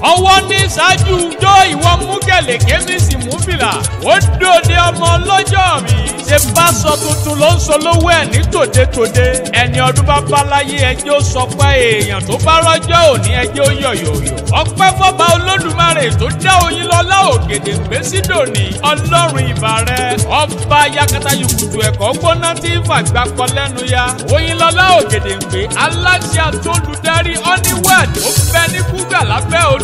ọwọ́ ní ṣáájú jó ìwọ mú kẹ̀lẹ̀kẹ́ mi sì mú fìlà ó dòde ọmọ lọ́jọ́ mi. ṣe bá sọ tuntun ló ń sọ lówó ẹ̀ ní tòde-tòde ẹni ọdún bá báláyé ẹjẹ́ ó sọ pé èèyàn tó bá rọ́jọ́ òní ẹjẹ́ ó yọ̀yọ̀yọ̀. ọpẹ́ fọba olódùmarè tó dá oyin lọ́lá ògèdè gbèsídòní ọlọ́run ìbà rẹ ọba yakata yukutu ẹ̀kọ́ gbóná tí fàgbà kọ lẹ́nu ya oyin lọ́lá ògèdè gbé aláṣẹ àtolùdarí ọ́níwẹ̀d ó bẹ ní kúgbà lábẹ́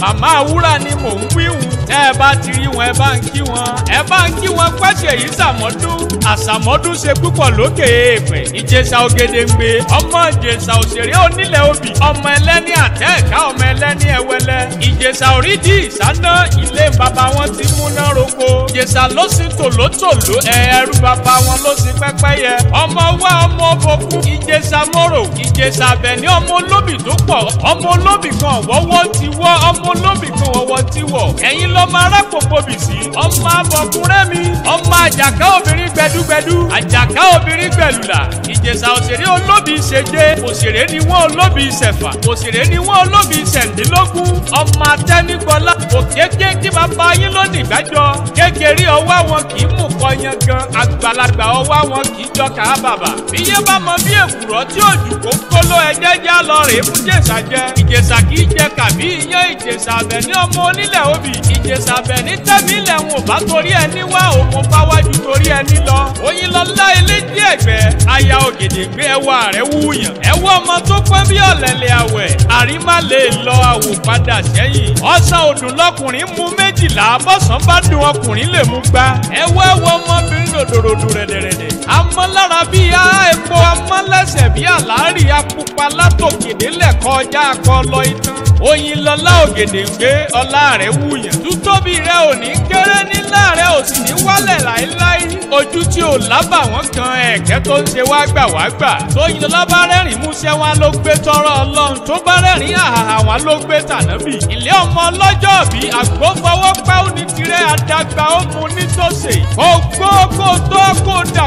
màmá àwúrà ni mò ń wíhùn tẹ́ ẹ bá ti rí wọn ẹ bá ń kí wọn ẹ bá ń kí wọn pẹ́sẹ̀ yìí sàmọ́dún àsàmọ́dún ṣe púpọ̀ lókè èèpẹ̀ ìjẹsà ògèdèǹgbè ọmọ ìjẹsà òṣèré onílẹ̀ obì ọmọ ẹlẹ́ni àtẹ́ ẹ̀ka ọmọ ẹlẹ́ni ẹ̀wẹ́lẹ́ ìjẹsà orídì ìsáná ilé bàbá wọn ti múná roko ìjẹsà ló sì tòlótòló ẹ̀ẹ́rú bàbá pẹ́pẹ́yẹ ọmọ wa ọmọ òfòkú ìjẹsà mọ́rò ìjẹsà bẹ̀ni ọmọ olóbì tó pọ̀ ọmọ olóbì kan wọ́wọ́ ti wọ́ ọmọ olóbì kan wọ́wọ́ ti wọ̀ ẹ̀yin lọ́mọ arákòókò bì sí ọmọ abọ̀kúnrẹ́ mi ọmọ àjàká obìnrin gbẹdúgbẹdú àjàká obìnrin gbẹlùlà ìjẹsà òṣèré olóbì ìṣèje òṣèré ni wọ́n olóbì ìṣẹ̀fà òṣèré ni wọ́n olóbì ìṣẹ̀ndínlógún ọmọ atẹ́nigbọ́lá òkèké kí bàbá yín lónìí gbájọ kékeré ọwọ́ wọn kì í mú kọyan wọn kì í jọ ká bàbà. bíyé bá mọ bí èkùrọ́ tí òjò kó kóló ẹjẹ́ já lọ rèé fún jèsà jẹ. ìjèsà kì í jẹ kàbí iyán ìjèsà abẹ ní ọmọ onílẹ̀ obì. ìjèsà abẹ ní tẹ́mílẹ̀ wọn ò bá torí ẹ níwá òkun bá ẹni lọ. oyin lọ lá eléjì ẹ̀gbẹ́ aya ògèdè gbé ẹwà rẹ̀ wúyàn. ẹwà ọmọ tó pẹ́ bí ọ̀lẹ́lẹ̀ àwẹ̀ àrímá lè lọ àwò padà sẹ́yìn. ọ̀sán òdùn lọkùnrin mú méjìlá bọ́sán bá dùn ọkùnrin lè mú gbá. ẹwà ẹwà ọmọbìnrin ròdòròdò rẹ̀dẹ̀rẹ̀dẹ̀. amọ́lára bíi á epo amọ́lẹ́sẹ̀ àlàbí àlárí apupa látòkèdè lẹ́kọ̀ọ́ ọjà akọlọ itan oyin lọlá ògèdè ń gbé ọlá rẹ̀ wùyàn tútóbi rẹ̀ ò ní kéré nílá rẹ̀ ò sì ní wálẹ̀ láéláé ojú tí ò lábà wọ́n kan ẹ̀kẹ́ tó ń ṣe wá gbà wá gbà tóyin lọlá bá rẹ́rìn músẹ́ wá ló gbé tọrọ ọlọ́run tó bá rẹ́rìn àhàhà wá ló gbé tànábì ilé ọmọ ọlọ́jọ́ bí àgbófọwọ́ ó ní tirẹ̀ àdàgbà ó mu nítòsè kó gbó kó tó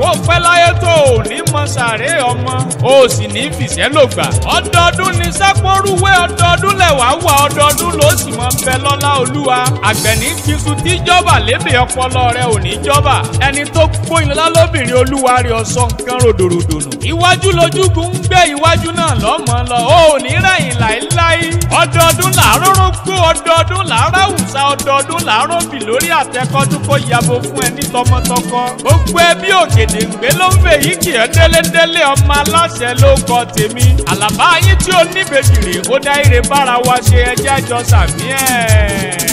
kó bó pẹ́ láyé tó ò mọ sàré ọmọ o sì ní fìṣẹ́ ló gbà. ọdọọdún ni sápórúwé ọdọọdún lẹ̀wá wà ọdọọdún ló sì mọ bẹ lọ́lá olúwa. àgbẹ̀ní tuntun tí jọba lébè ọpọlọ rẹ ò ní jọba. ẹni tó kó ìlọlá lóbìnrin olúwa rẹ ọsọ nǹkan ròdòròdò nù. iwájú lójúgun ń gbé iwájú náà lọ́mọ lọ o ò ní rẹ̀yìn láéláé. ọdọọdún làárọ̀ rọ́gbó ọdọọdún làárọ̀ àwùsá ọdọọdún làárọ̀ bì lórí àtẹkọ́dún kó yabo fún ẹni tọmọtọkọ. gbogbo ẹbí òkèdè ńgbé ló ń fè yí kì í délédélé ọmọ aláṣẹ ló kọ tèmi. àlàbá yín tí ó níbejì rè ó dá ire bára wa ṣe ẹjẹ́ jọ sàmí ẹ̀.